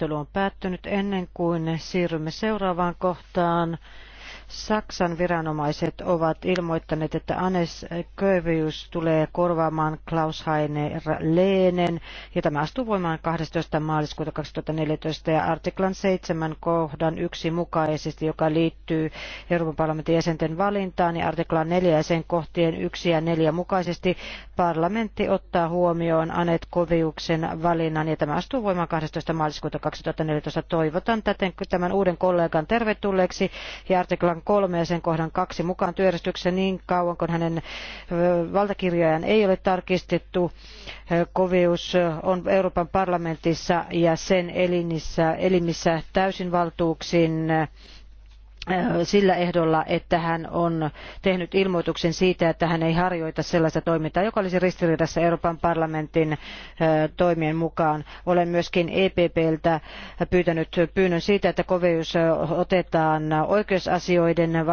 Keskustelu on päättynyt ennen kuin siirrymme seuraavaan kohtaan. Saksan viranomaiset ovat ilmoittaneet, että Anes Kövius tulee korvaamaan Klaus Heine Leenen ja tämä astuu voimaan 12. maaliskuuta 2014 ja artiklan 7 kohdan 1 mukaisesti, joka liittyy Euroopan parlamentin jäsenten valintaan ja artiklan 4 ja kohtien 1 ja 4 mukaisesti parlamentti ottaa huomioon Anet Koviuksen valinnan ja tämä astuu voimaan 12. maaliskuuta 2014. Toivotan täten tämän uuden kollegan tervetulleeksi ja artiklan kohdan kolme ja sen kohdan kaksi mukaan työjärjestyksessä niin kauan kuin hänen valtakirjojaan ei ole tarkistettu. Kovius on Euroopan parlamentissa ja sen elimissä täysin valtuuksin sillä ehdolla, että hän on tehnyt ilmoituksen siitä, että hän ei harjoita sellaista toimintaa, joka olisi ristiriidassa Euroopan parlamentin toimien mukaan. Olen myöskin EPPltä pyytänyt pyynnön siitä, että koveus otetaan oikeusasioiden